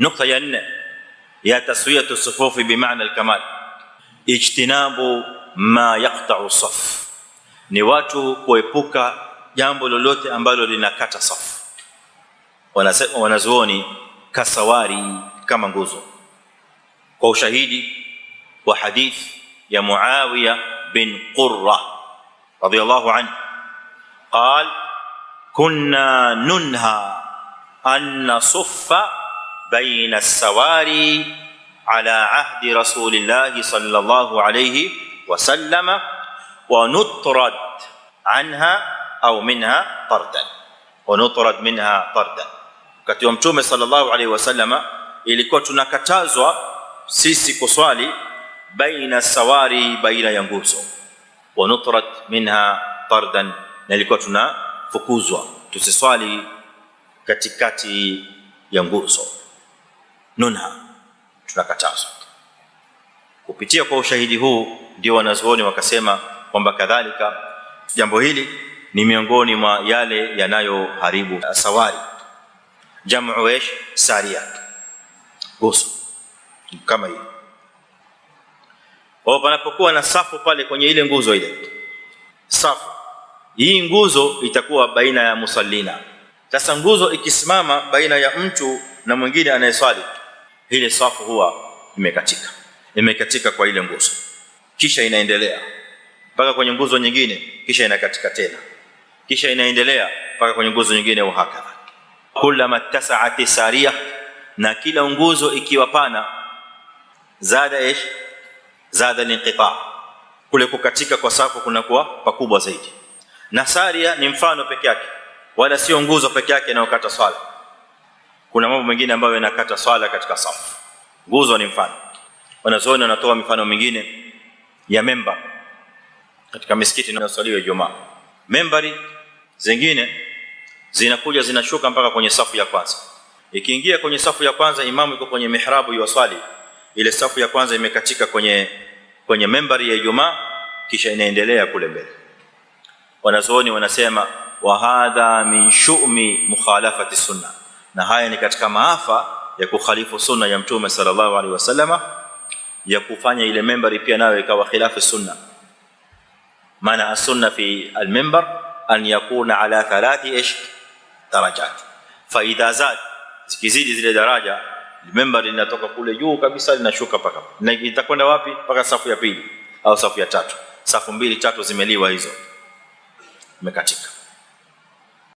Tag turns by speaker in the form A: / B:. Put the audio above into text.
A: نقطه ya nne ya taswiyatu sufufi bimaana alkamal ijtinabu ma yaqta'u saf ni watu kuepuka jambo lolote ambalo linakata safu wanasema wanazuoni kasawari kama nguzo kwa ushahidi wa hadithi ya Muawiya bin Qurra radiyallahu anhu قال كنا ننهى أن نصف بين السواري على عهد رسول الله صلى الله عليه وسلم ونطرد عنها او منها طردا ونطرد منها طردا وقت يوم تومه صلى الله عليه وسلم ilikuwa tunakatazwa sisi kuswali baina بين السواري بين nguzo ونطرد منها طردا ilikuwa tunafukuzwa تسسوالي katikati ya nguzo nunha tunakatazwa kupitia kwa ushahidi huu ndio wanazuoni wakasema kwamba kadhalika jambo hili ni miongoni mwa yale yanayoharibu sawari jamu wesh saria gusu kama hiyo kwa panapokuwa na safu pale kwenye ile nguzo ile safu hii nguzo itakuwa baina ya musallina sasa nguzo ikisimama baina ya mtu na mwingine anayeswali ile safu huwa imekatika, imekatika kwa ile nguzo, kisha inaendelea mpaka kwenye nguzo nyingine, kisha inakatika tena, kisha inaendelea mpaka kwenye nguzo nyingine, wahakadha. Kullama tasaati saria, na kila nguzo ikiwa pana, zada ish zada linqita, kule kukatika kwa safu kunakuwa pakubwa zaidi. Na saria ni mfano peke yake, wala sio nguzo peke yake inayokata swala kuna mambo mengine ambayo yanakata swala katika safu, nguzo ni mfano. wanazoona wanatoa mifano mingine ya memba katika misikiti inayoswaliwa Ijumaa. Membari zingine zinakuja zinashuka mpaka kwenye safu ya kwanza. Ikiingia kwenye safu ya kwanza, imamu yuko kwenye mihrabu yuwaswali, ile safu ya kwanza imekatika kwenye kwenye membari ya Ijumaa, kisha inaendelea kule mbele. wanazoona wanasema wa hadha min shumi mukhalafati sunna na haya ni katika maafa ya kukhalifu sunna ya mtume sallallahu alaihi wasallama ya kufanya ile membari pia nayo ikawa khilafu sunna maana as-sunna fi al-minbar an yakuna ala thalathi ish darajat fa idha zad zikizidi zile daraja membari linatoka kule juu kabisa linashuka paka na itakwenda wapi paka safu ya pili au safu ya tatu safu mbili tatu zimeliwa hizo imekatika